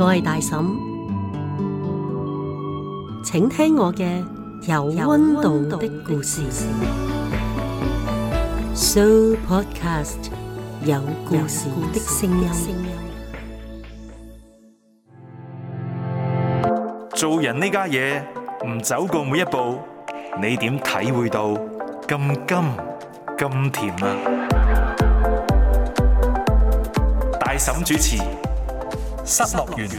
我係大嬸，請聽我嘅有溫度的故事，Show Podcast，有故事的聲音。做人呢家嘢唔走過每一步，你點體會到咁甘，咁甜啊？大嬸主持。失落園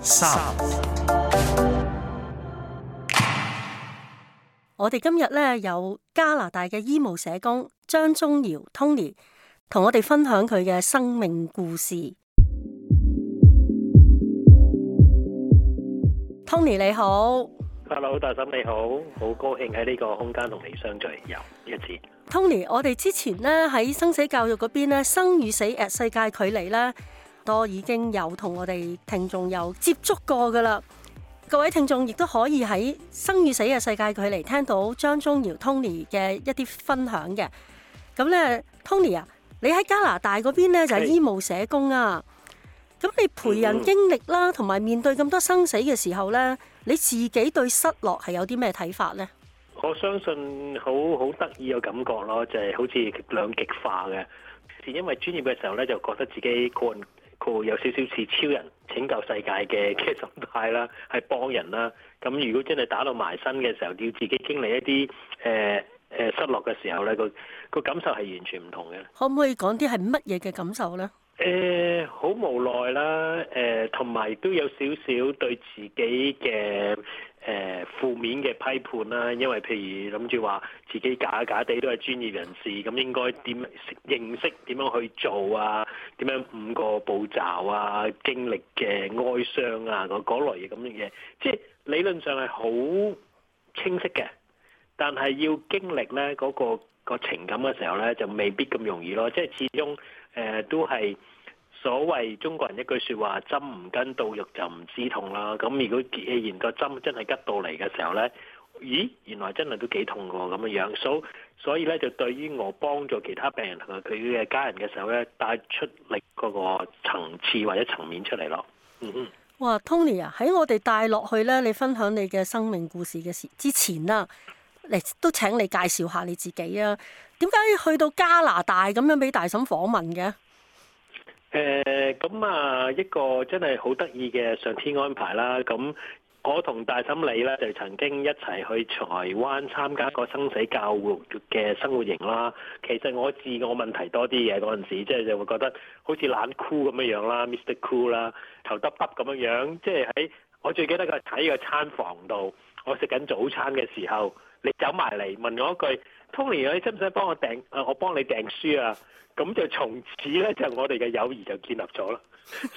三，我哋今日呢有加拿大嘅醫務社工張宗堯 Tony 同我哋分享佢嘅生命故事。Tony 你好，Hello 大嬸你好，好高興喺呢個空間同你相聚又一次。Tony，我哋之前呢喺生死教育嗰邊呢，生與死 at 世界距離啦。多已經有同我哋聽眾有接觸過噶啦，各位聽眾亦都可以喺生與死嘅世界距離聽到張宗堯 Tony 嘅一啲分享嘅。咁咧，Tony 啊，你喺加拿大嗰邊咧就係醫務社工啊，咁是你陪人經歷啦，同埋、嗯、面對咁多生死嘅時候咧，你自己對失落係有啲咩睇法呢？我相信好好得意嘅感覺咯，就係、是、好似兩極化嘅，因為專業嘅時候咧就覺得自己個人。有少少似超人拯救世界嘅嘅狀態啦，係幫人啦。咁如果真係打到埋身嘅時候，要自己經歷一啲誒誒失落嘅時候咧，個、那個感受係完全唔同嘅。可唔可以講啲係乜嘢嘅感受咧？誒、呃，好無奈啦。誒、呃，同埋都有少少對自己嘅誒、呃、負面嘅批判啦。因為譬如諗住話自己假假哋都係專業人士，咁應該點認識點樣去做啊？點樣五個步驟啊？經歷嘅哀傷啊，嗰類嘢咁嘅嘢，即係理論上係好清晰嘅，但係要經歷呢嗰、嗰個情感嘅時候呢，就未必咁容易咯。即係始終誒、呃、都係所謂中國人一句説話，針唔跟到肉就唔知痛啦。咁如果既然個針真係吉到嚟嘅時候呢，咦，原來真係都幾痛喎咁嘅樣。s、so, 所以咧，就對於我幫助其他病人同埋佢嘅家人嘅時候咧，帶出力嗰個層次或者層面出嚟咯。嗯嗯。哇，Tony 啊，喺我哋帶落去咧，你分享你嘅生命故事嘅事之前啦、啊，嚟都請你介紹下你自己啊。點解要去到加拿大咁樣俾大嬸訪問嘅？誒、呃，咁啊，一個真係好得意嘅上天安排啦。咁。我同大心理咧就曾經一齊去台灣參加一個生死教會嘅生活營啦。其實我自我問題多啲嘅嗰陣時，即係就會、是、覺得好似懶酷 o o l 咁樣樣啦，Mr Cool 啦，頭耷耷咁樣樣。即係喺我最記得佢睇個餐房度，我食緊早餐嘅時候，你走埋嚟問我一句。Tony，你使唔使幫我訂？啊，我幫你訂書啊，咁就從此咧就我哋嘅友誼就建立咗啦，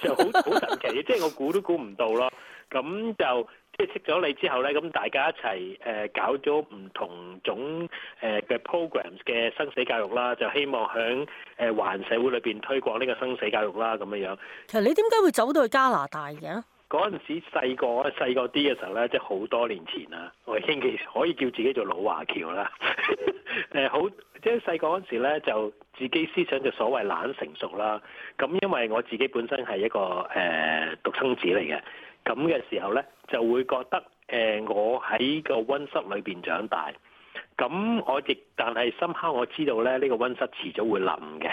就好好神奇嘅， 即係我估都估唔到咯。咁就即係識咗你之後咧，咁大家一齊誒、呃、搞咗唔同種誒嘅 programs 嘅生死教育啦，就希望響誒華人社會裏邊推廣呢個生死教育啦，咁樣樣。其實你點解會走到去加拿大嘅？嗰陣時細個，細個啲嘅時候咧，即係好多年前啦。我已經可以叫自己做老華僑啦。誒 好，即係細個嗰陣時咧，就自己思想就所謂懶成熟啦。咁因為我自己本身係一個誒獨、呃、生子嚟嘅，咁嘅時候咧就會覺得誒、呃、我喺個温室裏邊長大。咁我亦但係深刻我知道咧呢、呢個温室遲早會冧嘅。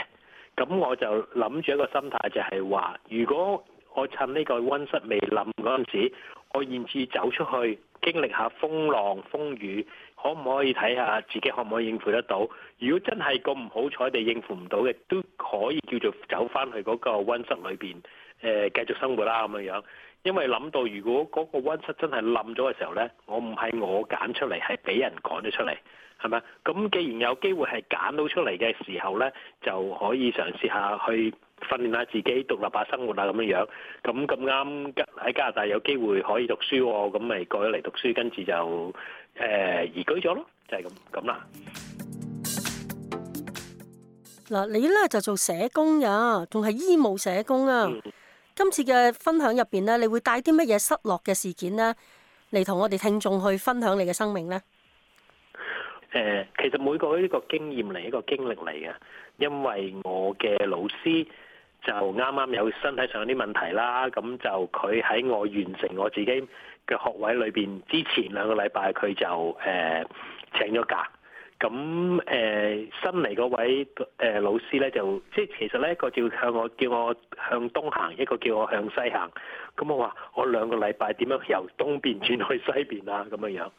咁我就諗住一個心態就係話，如果我趁呢個温室未冧嗰陣時，我現時走出去經歷下風浪風雨，可唔可以睇下自己可唔可以應付得到？如果真係咁唔好彩地應付唔到嘅，都可以叫做走返去嗰個温室裏邊誒繼續生活啦咁樣樣。因為諗到如果嗰個温室真係冧咗嘅時候呢，我唔係我揀出嚟，係俾人趕咗出嚟。係咪？咁既然有機會係揀到出嚟嘅時候呢，就可以嘗試下去訓練下自己獨立下生活啊咁樣樣。咁咁啱喺加拿大有機會可以讀書喎，咁咪過咗嚟讀書，跟住就誒移居咗咯，就係咁咁啦。嗱，你呢就做社工呀，仲係醫務社工啊。今次嘅分享入邊呢，你會帶啲乜嘢失落嘅事件呢，嚟同我哋聽眾去分享你嘅生命呢？誒，其實每個呢個經驗嚟，一個經歷嚟嘅。因為我嘅老師就啱啱有身體上有啲問題啦，咁就佢喺我完成我自己嘅學位裏邊之前兩個禮拜，佢就誒請咗假。咁誒新嚟嗰位誒老師咧，就即係其實咧一個叫向我叫我向東行，一個叫我向西行。咁我話我兩個禮拜點樣由東邊轉去西邊啊？咁樣樣。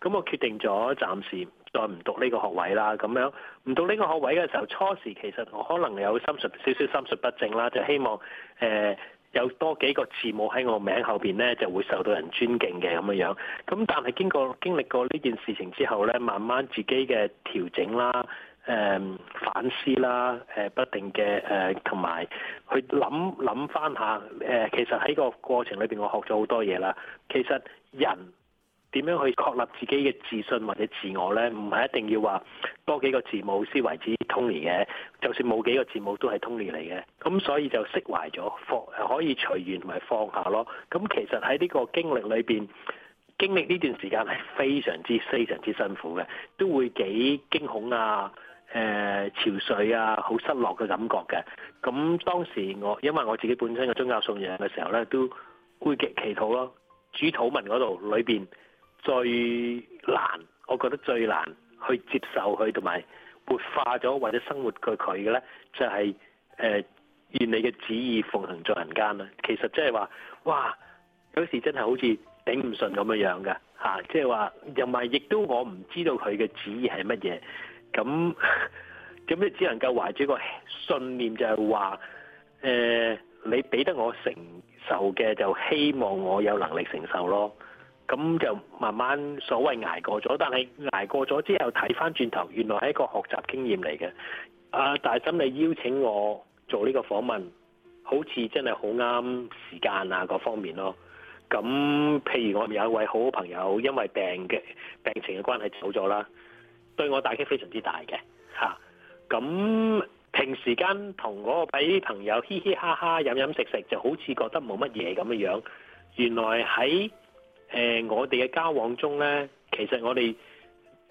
咁我決定咗暫時。再唔讀呢個學位啦，咁樣唔讀呢個學位嘅時候，初時其實我可能有心術少少心術不正啦，就希望誒、呃、有多幾個字母喺我名後邊咧，就會受到人尊敬嘅咁樣樣。咁但係經過經歷過呢件事情之後咧，慢慢自己嘅調整啦、誒、呃、反思啦、誒、呃、不定嘅誒同埋去諗諗翻下誒、呃，其實喺個過程裏邊我學咗好多嘢啦。其實人。點樣去確立自己嘅自信或者自我呢？唔係一定要話多幾個字母先為之 Tony 嘅，就算冇幾個字母都係 Tony 嚟嘅。咁所以就釋懷咗，放可以隨緣同埋放下咯。咁其實喺呢個經歷裏邊，經歷呢段時間係非常之非常之辛苦嘅，都會幾驚恐啊，誒、呃、潮水啊，好失落嘅感覺嘅。咁當時我因為我自己本身嘅宗教信仰嘅時候呢，都會嘅祈禱咯，主禱文嗰度裏邊，最難，我覺得最難去接受佢同埋活化咗或者生活過佢嘅咧，就係誒願你嘅旨意奉行在人間啦。其實即係話，哇！有時真係好似頂唔順咁樣樣嘅嚇，即係話又咪亦都我唔知道佢嘅旨意係乜嘢，咁咁你只能夠懷住個信念就係話誒，你俾得我承受嘅就希望我有能力承受咯。咁就慢慢所謂捱過咗，但係捱過咗之後睇翻轉頭，原來係一個學習經驗嚟嘅。阿、啊、大嬸你邀請我做呢個訪問，好似真係好啱時間啊各方面咯。咁譬如我有一位好，好朋友，因為病嘅病情嘅關係走咗啦，對我打擊非常之大嘅嚇。咁、啊、平時間同嗰位朋友嘻嘻哈哈飲飲食，食食，就好似覺得冇乜嘢咁嘅樣。原來喺誒、呃，我哋嘅交往中呢，其實我哋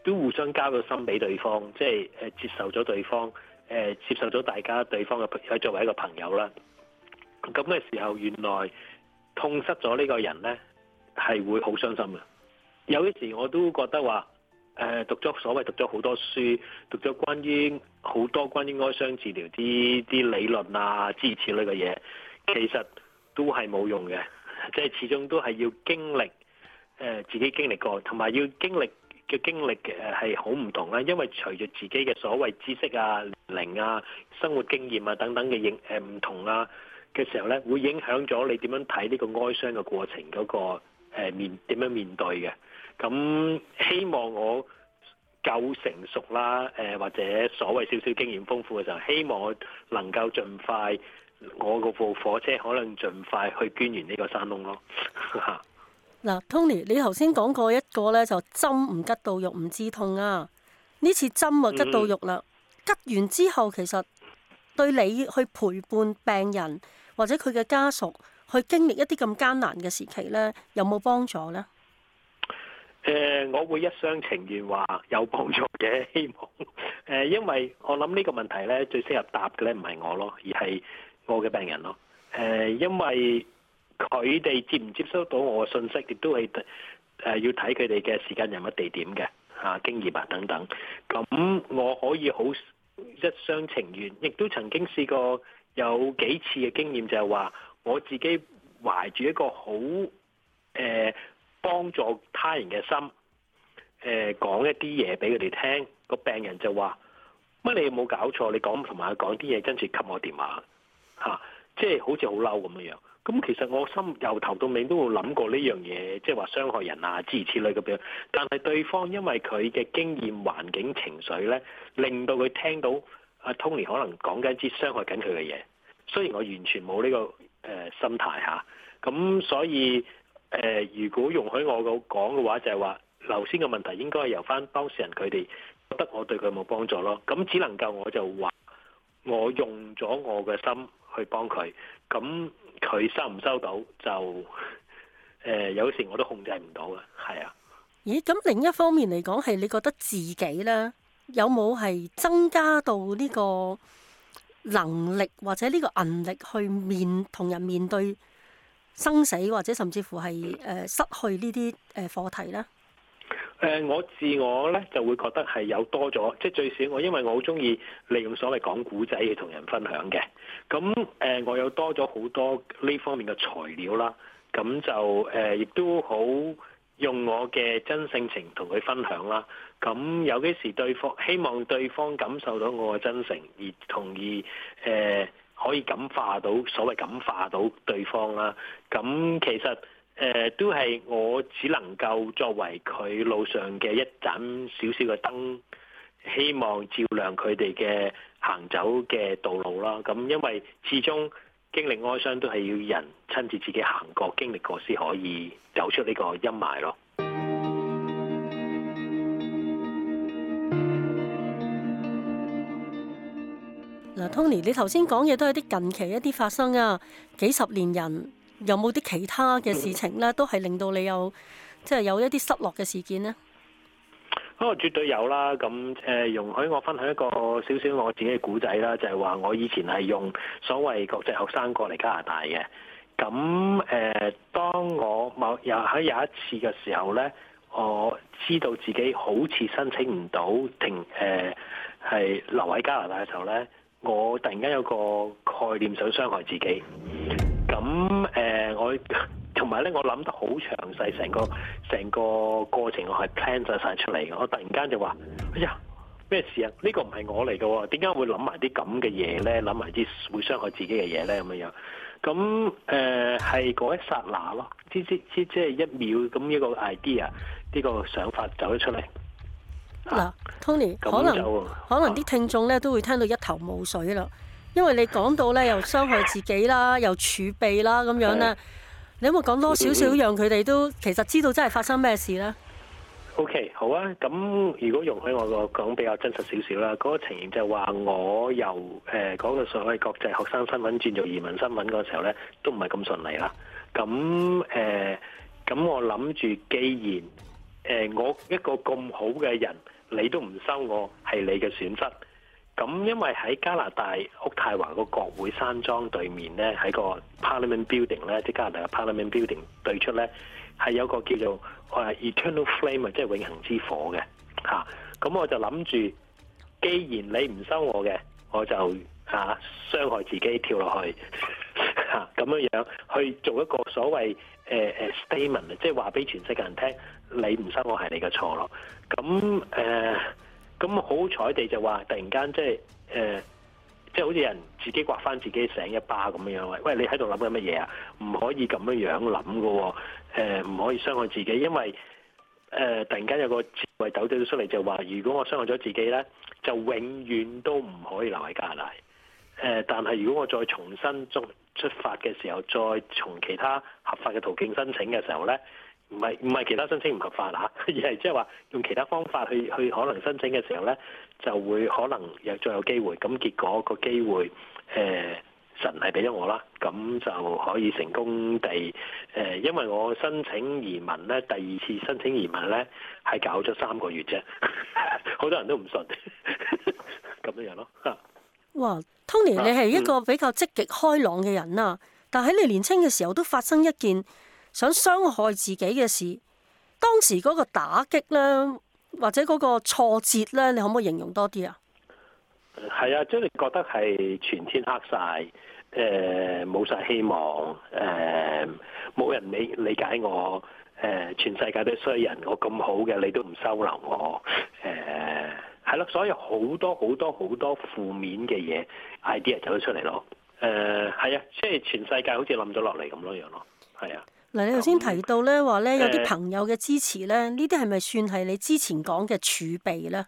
都互相交個心俾對方，即係誒接受咗對方，誒、呃、接受咗大家對方嘅朋友作為一個朋友啦。咁嘅時候，原來痛失咗呢個人呢，係會好傷心嘅。有啲時我都覺得話，誒、呃、讀咗所謂讀咗好多書，讀咗關於好多關於哀傷治療啲啲理論啊、之類嘅嘢，其實都係冇用嘅，即係始終都係要經歷。誒，自己經歷過，同埋要經歷嘅經歷嘅係好唔同啦，因為隨住自己嘅所謂知識啊、年齡啊、生活經驗啊等等嘅認誒唔同啦、啊、嘅時候呢，會影響咗你點樣睇呢個哀傷嘅過程嗰、嗰個誒面點樣面對嘅。咁希望我夠成熟啦，誒或者所謂少少經驗豐富嘅時候，希望我能夠盡快我部火車可能盡快去捐完呢個山窿咯。 嗱，Tony，你頭先講過一個咧，就針唔吉到肉唔知痛啊。呢次針啊吉到肉啦，吉、嗯、完之後其實對你去陪伴病人或者佢嘅家屬去經歷一啲咁艱難嘅時期咧，有冇幫助呢？誒、呃，我會一廂情願話有幫助嘅，希望誒、呃，因為我諗呢個問題咧，最適合答嘅咧唔係我咯，而係我嘅病人咯。誒、呃，因為。佢哋接唔接收到我嘅信息，亦都係誒要睇佢哋嘅時間、人物、地點嘅嚇經驗啊等等。咁我可以好一廂情願，亦都曾經試過有幾次嘅經驗就係、是、話我自己懷住一個好誒、欸、幫助他人嘅心，誒、欸、講一啲嘢俾佢哋聽，那個病人就話乜你有冇搞錯？你講同埋講啲嘢，跟住給我電話吓，即、啊、係、就是、好似好嬲咁樣。咁其實我心由頭到尾都冇諗過呢樣嘢，即係話傷害人啊諸如此類咁樣，但係對方因為佢嘅經驗環境、情緒咧，令到佢聽到阿、啊、Tony 可能講緊啲傷害緊佢嘅嘢。雖然我完全冇呢個誒心態吓，咁、啊、所以誒、呃、如果容許我講嘅話，就係話頭先嘅問題應該係由翻當事人佢哋覺得我對佢冇幫助咯。咁只能夠我就話。我用咗我嘅心去幫佢，咁佢收唔收到就誒、呃，有時我都控制唔到嘅。係啊，咦？咁另一方面嚟講，係你覺得自己咧有冇係增加到呢個能力或者呢個銀力去面同人面對生死，或者甚至乎係誒、呃、失去呢啲誒課題咧？誒我自我咧就會覺得係有多咗，即係最少我因為我好中意利用所謂講古仔去同人分享嘅，咁誒我有多咗好多呢方面嘅材料啦，咁就誒亦都好用我嘅真性情同佢分享啦，咁有啲時對方，希望對方感受到我嘅真誠，而同意誒、呃、可以感化到所謂感化到對方啦，咁其實。誒都係我只能夠作為佢路上嘅一盞少少嘅燈，希望照亮佢哋嘅行走嘅道路啦。咁因為始終經歷哀傷都係要人親自自己行過經歷過先可以走出呢個陰霾咯。嗱，Tony，你頭先講嘢都係啲近期一啲發生啊，幾十年人。有冇啲其他嘅事情咧，都係令到你有即係有一啲失落嘅事件呢？啊，絕對有啦！咁誒，容許我分享一個少少我自己嘅故仔啦，就係、是、話我以前係用所謂國際學生過嚟加拿大嘅。咁誒，當我某又喺有一次嘅時候咧，我知道自己好似申請唔到停誒，係、呃、留喺加拿大嘅時候咧，我突然間有個概念想傷害自己。咁誒、呃，我同埋咧，我諗得好詳細，成個成個過程我係 plan 曬出嚟嘅。我突然間就話，哎、呀，咩事啊？這個哦、呢個唔係我嚟嘅，點解會諗埋啲咁嘅嘢咧？諗埋啲會傷害自己嘅嘢咧，咁樣。咁、呃、誒，係嗰一剎那咯，即即即即係一秒咁一個 idea，呢個想法走咗出嚟。嗱、啊、Tony，可能可能啲聽眾咧、啊、都會聽到一頭霧水啦。因為你講到咧，又傷害自己啦，又儲備啦咁樣咧，的你有冇可講多少少讓佢哋都其實知道真係發生咩事咧？OK，好啊，咁如果容許我個講比較真實少少啦，嗰、那個情形就係話我由誒講、呃、到所謂國際學生新聞轉做移民新聞嗰個時候咧，都唔係咁順利啦。咁誒，咁、呃、我諗住既然誒、呃、我一個咁好嘅人，你都唔收我，係你嘅損失。咁因為喺加拿大渥太華個國會山莊對面咧，喺個 Parliament Building 咧，即係加拿大嘅 Parliament Building 對出咧，係有個叫做 Eternal Flame 啊，即係永恆之火嘅嚇。咁、啊、我就諗住，既然你唔收我嘅，我就嚇、啊、傷害自己跳落去嚇咁、啊、樣樣去做一個所謂誒誒、呃呃、statement，即係話俾全世界人聽，你唔收我係你嘅錯咯。咁、啊、誒。呃咁好彩地就話，突然間即係誒，即係好似人自己刮翻自己醒一巴咁樣樣，喂，你喺度諗緊乜嘢啊？唔可以咁樣樣諗嘅，誒、呃、唔可以傷害自己，因為誒、呃、突然間有個智慧抖咗出嚟，就話、是、如果我傷害咗自己咧，就永遠都唔可以留喺加拿大。誒、呃，但係如果我再重新出出發嘅時候，再從其他合法嘅途徑申請嘅時候咧。唔係唔係其他申請唔合法啦，而係即係話用其他方法去去可能申請嘅時候咧，就會可能有再有機會。咁結果個機會，誒、呃、神係俾咗我啦，咁就可以成功地誒、呃，因為我申請移民咧，第二次申請移民咧係搞咗三個月啫，好多人都唔信，咁 樣樣咯嚇。啊、哇！Tony、啊、你係一個比較積極開朗嘅人啊，嗯、但喺你年青嘅時候都發生一件想傷害自己嘅事，當時嗰個打擊呢，或者嗰個挫折呢，你可唔可以形容多啲啊？係啊，即係你覺得係全天黑晒，誒、呃，冇晒希望，誒、呃，冇人理理解我，誒、呃，全世界都衰人，我咁好嘅，你都唔收留我，誒、呃，係咯、啊，所以好多好多好多負面嘅嘢 idea 走咗出嚟咯，誒、呃，係啊，即、就、係、是、全世界好似冧咗落嚟咁樣樣咯，係啊。嗱，你頭先提到咧，話咧有啲朋友嘅支持咧，呢啲係咪算係你之前講嘅儲備咧？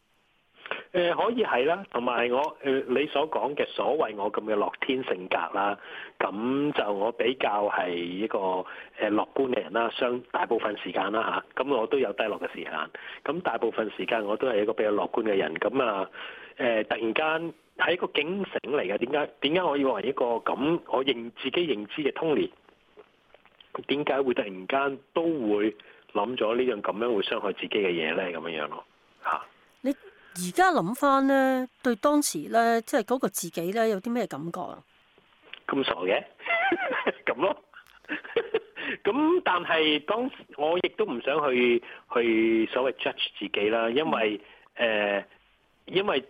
誒、呃，可以係啦，同埋我誒你所講嘅所謂我咁嘅樂天性格啦，咁就我比較係一個誒樂觀嘅人啦，相大部分時間啦吓，咁我都有低落嘅時間，咁大部分時間我都係一個比較樂觀嘅人，咁啊誒，突然間係一個警醒嚟嘅，點解點解我要話一個咁我認自己認知嘅通年？點解會突然間都會諗咗呢樣咁樣會傷害自己嘅嘢呢？咁樣樣咯，吓！你而家諗翻呢，對當時呢，即係嗰個自己呢，有啲咩感覺啊？咁傻嘅，咁 這樣咯。 咁但係當時我亦都唔想去去所謂 judge 自己啦，因為誒、呃，因為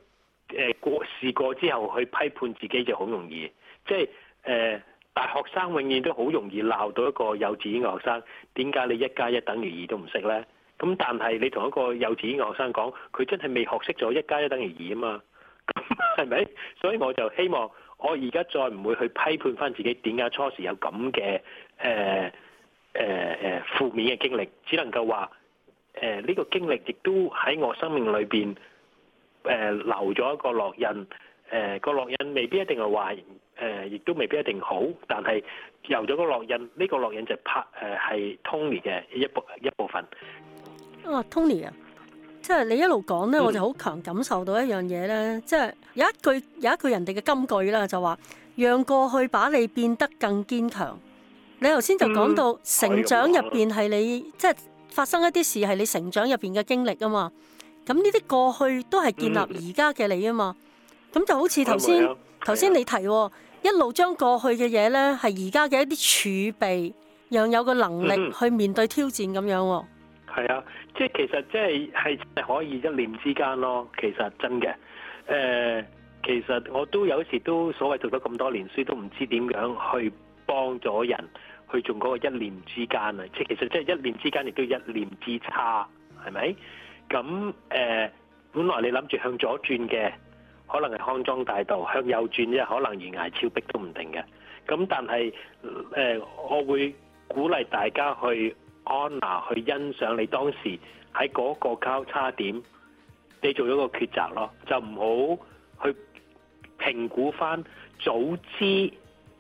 誒過試過之後去批判自己就好容易，即係誒。呃大學生永遠都好容易鬧到一個幼稚園嘅學生，點解你一加一等於二都唔識呢？咁但係你同一個幼稚園嘅學生講，佢真係未學識咗一加一等於二啊嘛？咁係咪？所以我就希望我而家再唔會去批判返自己，點解初時有咁嘅誒誒誒負面嘅經歷，只能夠話誒呢個經歷亦都喺我生命裏邊誒留咗一個烙印。誒個烙印未必一定係壞。誒，亦都未必一定好，但係由咗個烙印，呢、這個烙印就拍誒係 Tony 嘅一部一部分。哦，Tony 啊，Tony，即係你一路講呢，嗯、我就好強感受到一樣嘢咧，即係有一句有一句人哋嘅金句啦，就話、是、讓過去把你變得更堅強。你頭先就講到成長入邊係你，嗯、即係發生一啲事係你成長入邊嘅經歷啊嘛。咁呢啲過去都係建立而家嘅你啊嘛。咁、嗯、就好似頭先頭先你提。一路將過去嘅嘢呢，係而家嘅一啲儲備，讓有個能力去面對挑戰咁樣喎。係啊、嗯，即係其實即係係可以一念之間咯。其實真嘅，誒、呃，其實我都有時都所謂讀咗咁多年書，都唔知點樣去幫咗人去做嗰個一念之間啊。即係其實即係一念之間，亦都一念之差，係咪？咁誒、呃，本來你諗住向左轉嘅。可能係康莊大道，向右轉啫，可能懸崖峭壁都唔定嘅。咁但係誒、呃，我會鼓勵大家去安娜去欣賞你當時喺嗰個交叉點，你做咗個抉擇咯，就唔好去評估翻早知，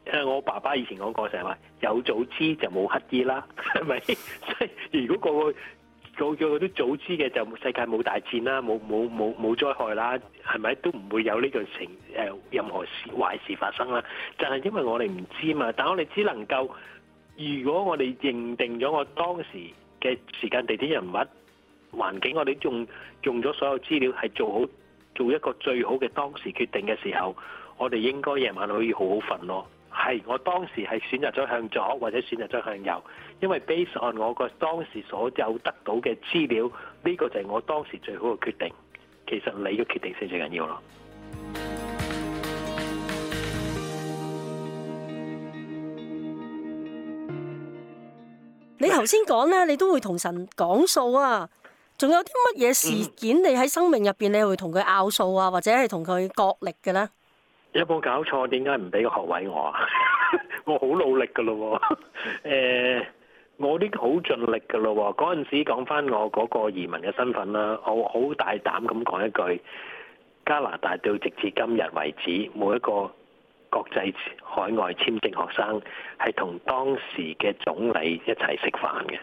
誒我爸爸以前講過成日話，有早知就冇乞兒啦，係咪？即 係，如果、嗰個位，做咗佢都早知嘅就世界冇大戰啦，冇冇冇冇災害啦，係咪都唔會有呢個情誒、呃、任何事壞事發生啦？就係、是、因為我哋唔知嘛，但我哋只能夠，如果我哋認定咗我當時嘅時間、地點、人物、環境，我哋仲用咗所有資料係做好做一個最好嘅當時決定嘅時候，我哋應該夜晚可以好好瞓咯。係我當時，係選擇咗向左或者選擇咗向右。因為 based on 我個當時所有得到嘅資料，呢個就係我當時最好嘅決定。其實你嘅決定先最緊要咯。 你頭先講咧，你都會同神講數啊？仲有啲乜嘢事件你喺生命入邊，你會同佢拗數啊，或者係同佢角力嘅咧？有冇搞錯？點解唔俾個學位我， 我啊？我好努力噶咯喎，我啲好盡力㗎咯喎！嗰陣時講翻我嗰個移民嘅身份啦，我好大膽咁講一句，加拿大到直至今日為止，冇一個國際海外簽證學生係同當時嘅總理一齊食飯嘅。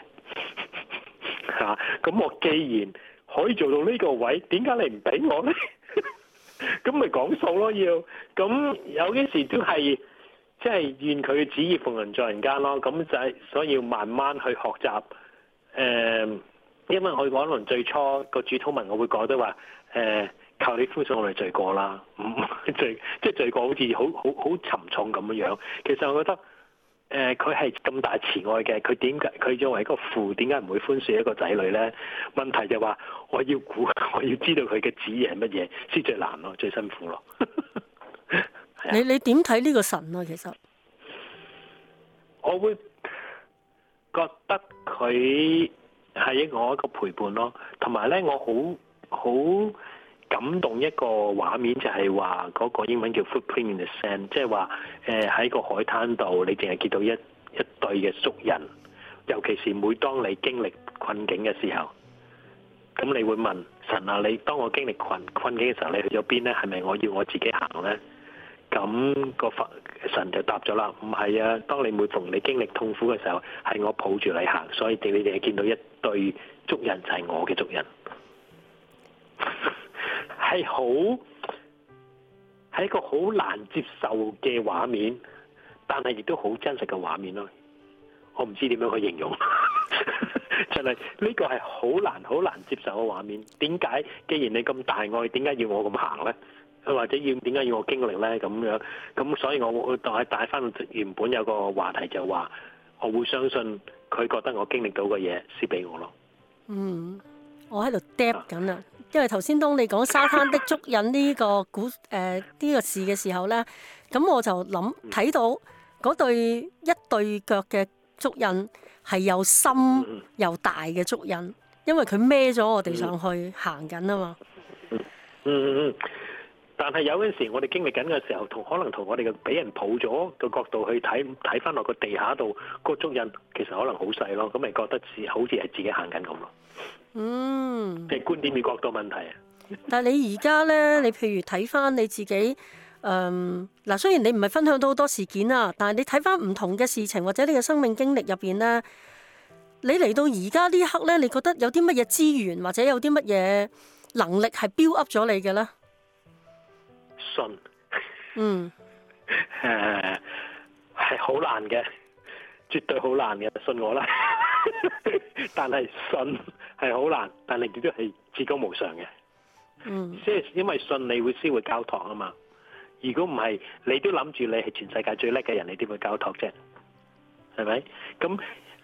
嚇！咁我既然可以做到呢個位，點解你唔俾我呢？咁 咪講數咯要。咁有啲時都係。即係願佢旨意奉行在人間咯，咁就係所以要慢慢去學習。誒、呃，因為我講到最初個主禱文，我會覺得話誒、呃，靠你寬恕我哋罪過啦，唔、嗯嗯、罪即係罪過好，好似好好好沉重咁樣樣。其實我覺得誒，佢係咁大慈愛嘅，佢點解佢作為一個父，點解唔會寬恕一個仔女咧？問題就話我要估，我要知道佢嘅旨意係乜嘢先最難咯，最辛苦咯。 你你點睇呢個神啊？其實 我會覺得佢係我一個陪伴咯，同埋咧，我好好感動一個畫面，就係話嗰個英文叫 Footprint in the Sand，即係話誒喺個海灘度，你淨係見到一一對嘅熟人，尤其是每當你經歷困境嘅時候，咁你會問神啊：你當我經歷困困境嘅時候，你去咗邊咧？係咪我要我自己行咧？咁個神就答咗啦，唔係啊！當你每逢你經歷痛苦嘅時候，係我抱住你行，所以地你哋見到一對足印就係我嘅足印，係好係一個好難接受嘅畫面，但係亦都好真實嘅畫面咯。我唔知點樣去形容，就係呢個係好難好難接受嘅畫面。點解？既然你咁大愛，點解要我咁行呢？佢或者要點解要我經歷呢？咁樣咁，所以我會帶帶翻到原本有個話題，就話我會相信佢覺得我經歷到嘅嘢，先俾我咯。嗯，我喺度釘緊啦，因為頭先當你講沙灘的足印呢個古誒呢個事嘅時候呢，咁我就諗睇到嗰對一對腳嘅足印係又深又大嘅足印，因為佢孭咗我哋上去行緊啊嘛。嗯嗯嗯。但係有陣時，我哋經歷緊嘅時候，同可能同我哋嘅俾人抱咗嘅角度去睇，睇翻落個地下度個足印，其實可能好細咯。咁咪覺得似好似係自己行緊咁咯。嗯，即係觀點要角度問題啊、嗯。但係你而家呢，你譬如睇翻你自己，嗯，嗱，雖然你唔係分享到好多事件啊，但係你睇翻唔同嘅事情或者你嘅生命經歷入邊呢，你嚟到而家呢一刻呢，你覺得有啲乜嘢資源或者有啲乜嘢能力係標 u p 咗你嘅呢？信，嗯，誒，係好難嘅，絕對好難嘅，信我啦。 但係信係好難，但係你都係至高無上嘅。嗯，即係因為信你會先會交託啊嘛。如果唔係，你都諗住你係全世界最叻嘅人，你點會交託啫？係咪？咁誒、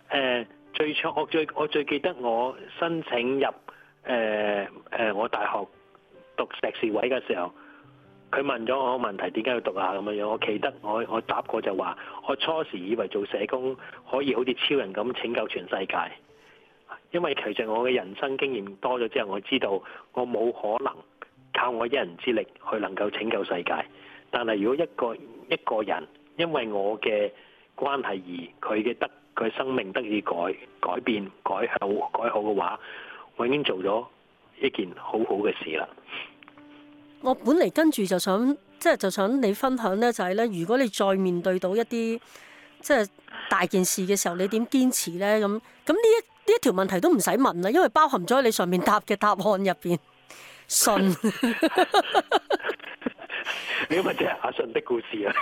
呃，最初我最我最記得我申請入誒誒、呃呃，我大學讀碩士位嘅時候。.佢問咗我問題，點解要讀啊咁樣樣？我記得我我答過就話，我初時以為做社工可以好似超人咁拯救全世界。因為其實我嘅人生經驗多咗之後，我知道我冇可能靠我一人之力去能夠拯救世界。但係如果一個一個人因為我嘅關係而佢嘅得佢生命得以改改變改好改好嘅話，我已經做咗一件好好嘅事啦。我本嚟跟住就想，即係就想你分享咧，就係咧，如果你再面對到一啲即係大件事嘅時候，你點堅持咧？咁咁呢一呢一條問題都唔使問啦，因為包含咗你上面答嘅答案入邊，信。呢個問題係阿信的故事啊！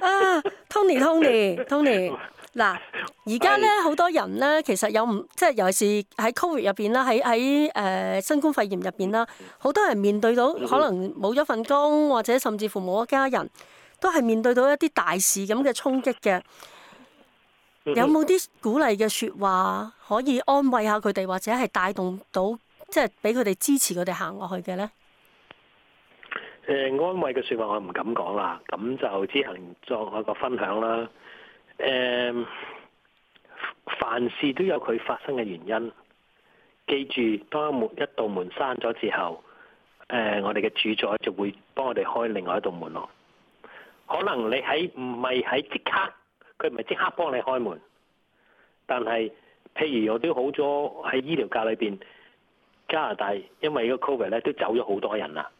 啊，Tony，Tony，Tony，Tony。嗱，而家咧好多人咧，其實有唔即係，尤其是喺 COVID 入邊啦，喺喺誒新冠肺炎入邊啦，好多人面對到可能冇咗份工，或者甚至乎冇一家人，都係面對到一啲大事咁嘅衝擊嘅。有冇啲鼓勵嘅説話可以安慰下佢哋，或者係帶動到即係俾佢哋支持佢哋行落去嘅咧？誒、嗯，安慰嘅説話我唔敢講啦，咁就只行作一個分享啦。誒，um, 凡事都有佢發生嘅原因。記住，當一門一道門閂咗之後，誒、呃，我哋嘅主宰就會幫我哋開另外一道門咯。可能你喺唔係喺即刻，佢唔係即刻幫你開門。但係，譬如我都好咗喺醫療界裏邊，加拿大因為個 COVID 咧都走咗好多人啦，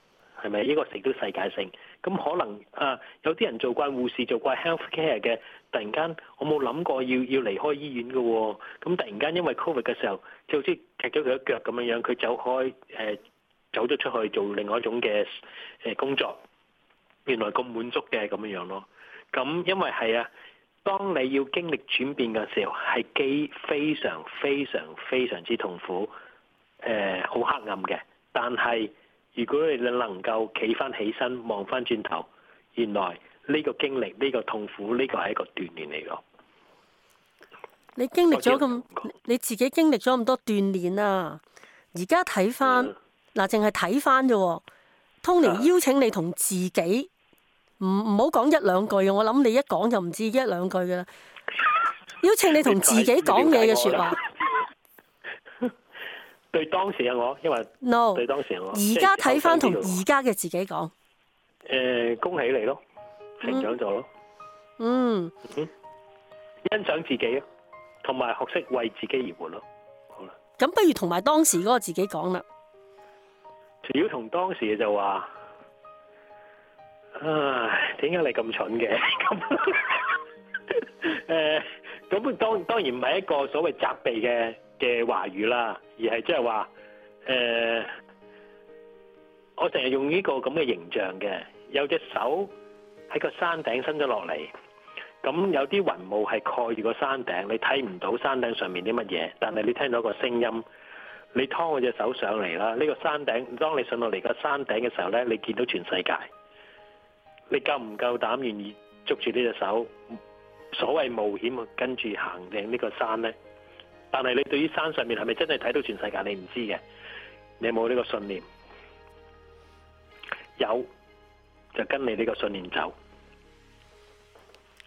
係咪？呢個成都世界性。咁、嗯、可能啊、呃，有啲人做慣護士做慣 healthcare 嘅，突然間我冇諗過要要離開醫院嘅喎、哦。咁、嗯、突然間因為 COVID 嘅時候，就好似踢咗佢一腳咁樣樣，佢走開誒、呃，走咗出去做另外一種嘅誒、呃、工作。原來咁滿足嘅咁樣樣咯。咁、嗯、因為係啊，當你要經歷轉變嘅時候，係基非常非常非常之痛苦誒，好、呃、黑暗嘅。但係，如果你能夠企翻起身，望翻轉頭，原來呢個經歷、呢個痛苦、呢個係一個鍛鍊嚟咯。你經歷咗咁，你自己經歷咗咁多鍛鍊啊！嗯、而家睇翻嗱，淨係睇翻啫喎。通嚟邀請你同自己，唔唔好講一兩句，我諗你一講就唔知一兩句噶啦。 邀請你同自己講嘢嘅説話。 對當時嘅我，因為對當時我而家睇返同而家嘅自己講，誒、呃，恭喜你咯，成長咗咯，嗯，嗯，欣賞自己咯，同埋學識為自己而活咯，好啦，咁不如同埋當時嗰個自己講啦，如果同當時嘅就話，唉，點解你咁蠢嘅？咁、 呃，誒，咁當當然唔係一個所謂責備嘅。嘅話語啦，而係即係話，誒、呃，我成日用呢個咁嘅形象嘅，有隻手喺個山頂伸咗落嚟，咁有啲雲霧係蓋住個山頂，你睇唔到山頂上面啲乜嘢，但係你聽到個聲音，你拖我隻手上嚟啦，呢、呢個山頂當你上落嚟個山頂嘅時候呢，你見到全世界，你夠唔夠膽願意捉住呢隻手？所謂冒險，跟住行定呢個山呢。但係你對於山上面係咪真係睇到全世界？你唔知嘅，你有冇呢個信念？有，就跟你呢個信念走。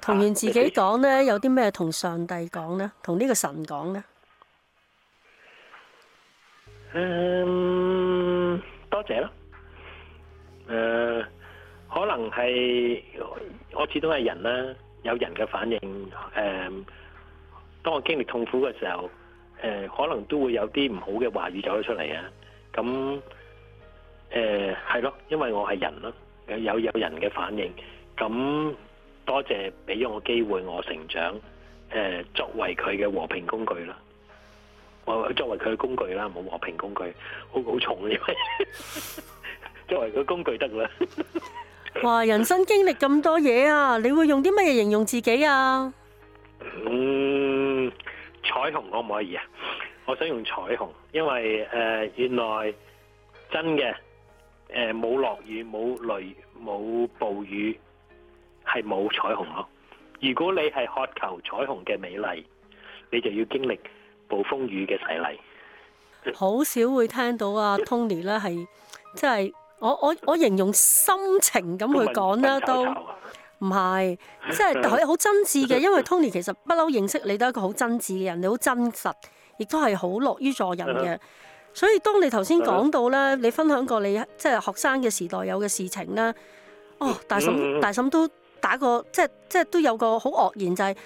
同完自己講呢，有啲咩同上帝講呢？同呢個神講呢？嗯，多謝啦。誒，可能係我始終係人啦，有人嘅反應誒。當我經歷痛苦嘅時候，誒、呃，可能都會有啲唔好嘅話語走咗出嚟啊！咁、啊、誒，係咯，因為我係人咯，有有有人嘅反應。咁、啊、多謝俾咗我機會，我成長。誒、啊，作為佢嘅和平工具啦，我作為佢嘅工具啦，唔好和平工具，好好重啊！因為作為佢工具得啦。啊啊啊、哇！人生經歷咁多嘢啊，你會用啲乜嘢形容自己啊？嗯。彩虹可唔可以啊？我想用彩虹，因為誒，原來真嘅誒冇落雨冇雷冇暴雨係冇彩虹咯如果你係渴求彩虹嘅美麗，你就要經歷暴風雨嘅洗禮。好少會聽到阿 Tony 咧，係即係我我我形容心情咁去講啦都。唔係，即係佢好真摯嘅，因為 Tony 其實不嬲認識你都係一個好真摯嘅人，你好真實，亦都係好樂於助人嘅。所以當你頭先講到咧，你分享過你即係學生嘅時代有嘅事情啦。哦，大嬸大嬸都打過即係即係都有個好愕然就係、是，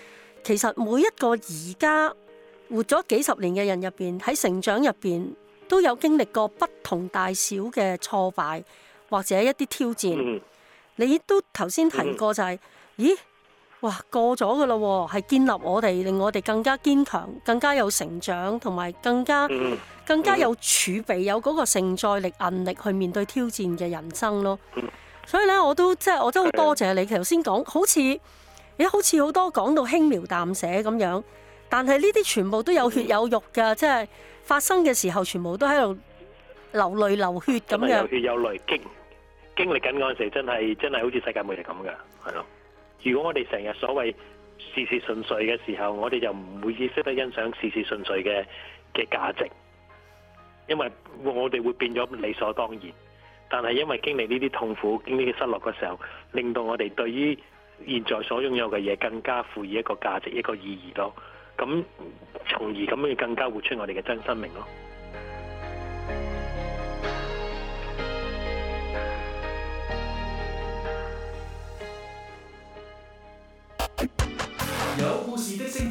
其實每一個而家活咗幾十年嘅人入邊，喺成長入邊都有經歷過不同大小嘅挫敗或者一啲挑戰。你都頭先提過就係、是，嗯、咦？哇，過咗嘅咯喎，係建立我哋，令我哋更加堅強，更加有成長，同埋更加、嗯、更加有儲備，嗯、有嗰個承載力、韌力去面對挑戰嘅人生咯。嗯、所以咧，我都即係我都好多謝你頭先講，好似咦？好似好多講到輕描淡寫咁樣，但係呢啲全部都有血有肉嘅，即係、嗯、發生嘅時候，全部都喺度流淚流血咁樣。血有血有淚經經歷緊嗰陣時，真係真係好似世界末日咁㗎，係咯。如果我哋成日所謂事事順遂嘅時候，我哋就唔會意識得欣賞事事順遂嘅嘅價值，因為我哋會變咗理所當然。但係因為經歷呢啲痛苦、經歷嘅失落嘅時候，令到我哋對於現在所擁有嘅嘢更加賦予一個價值、一個意義咯。咁，從而咁樣更加活出我哋嘅真生命咯。